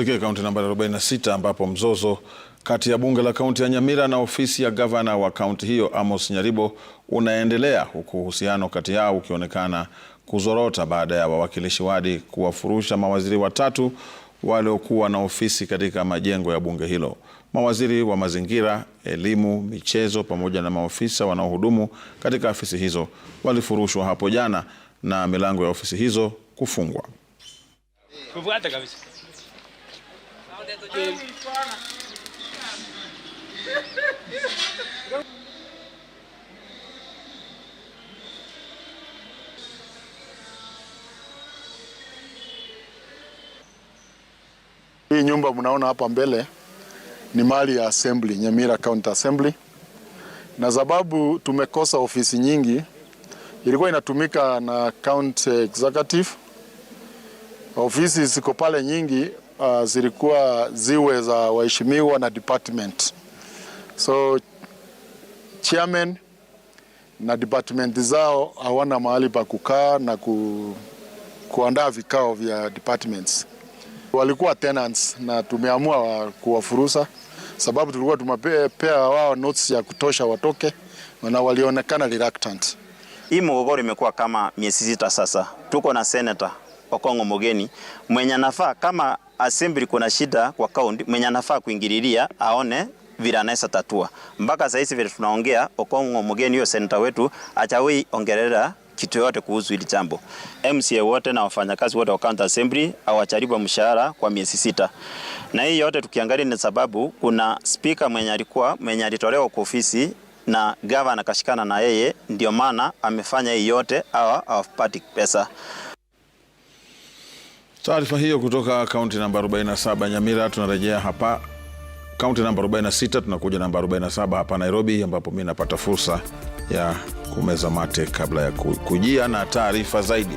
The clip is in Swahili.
Tukio kaunti namba 46 ambapo mzozo kati ya bunge la kaunti ya Nyamira na ofisi ya gavana wa kaunti hiyo Amos Nyaribo unaendelea huku uhusiano kati yao ukionekana kuzorota baada ya wawakilishi wadi kuwafurusha mawaziri watatu waliokuwa na ofisi katika majengo ya bunge hilo. Mawaziri wa mazingira, elimu, michezo pamoja na maofisa wanaohudumu katika ofisi hizo walifurushwa hapo jana na milango ya ofisi hizo kufungwa. Um. Hii nyumba mnaona hapa mbele ni mali ya assembly, Nyamira County Assembly, na sababu tumekosa ofisi nyingi, ilikuwa inatumika na county executive. Ofisi ziko pale nyingi, uh, zilikuwa ziwe za waheshimiwa na department. So chairman na department zao hawana mahali pa kukaa na ku, kuandaa vikao vya departments. Walikuwa tenants na tumeamua kuwafurusa sababu tulikuwa tumepea wao notes ya kutosha watoke na walionekana reluctant. Hii mgogoro imekuwa kama miezi sita sasa. Tuko na Senator Okong'o Mogeni mwenye nafaa kama assembly kuna shida kwa kaunti, mwenye anafaa kuingililia aone vile anaweza tatua. Mpaka sasa hivi vile tunaongea, Okong'o Omogeni hiyo seneta wetu achawei ongelea kitu yote kuhusu hili jambo. MCA wote na wafanyakazi wote wa county assembly hawachalipwa mshahara kwa miezi sita. Na hii yote tukiangalia ni sababu kuna speaker mwenye alikuwa mwenye alitolewa kwa ofisi na governor akashikana na yeye, ndio maana amefanya hii yote, hawa hawapati pesa. Taarifa hiyo kutoka kaunti namba 47 Nyamira. Tunarejea hapa kaunti namba 46, tunakuja namba 47 hapa Nairobi, ambapo mi napata fursa ya kumeza mate kabla ya kujia na taarifa zaidi.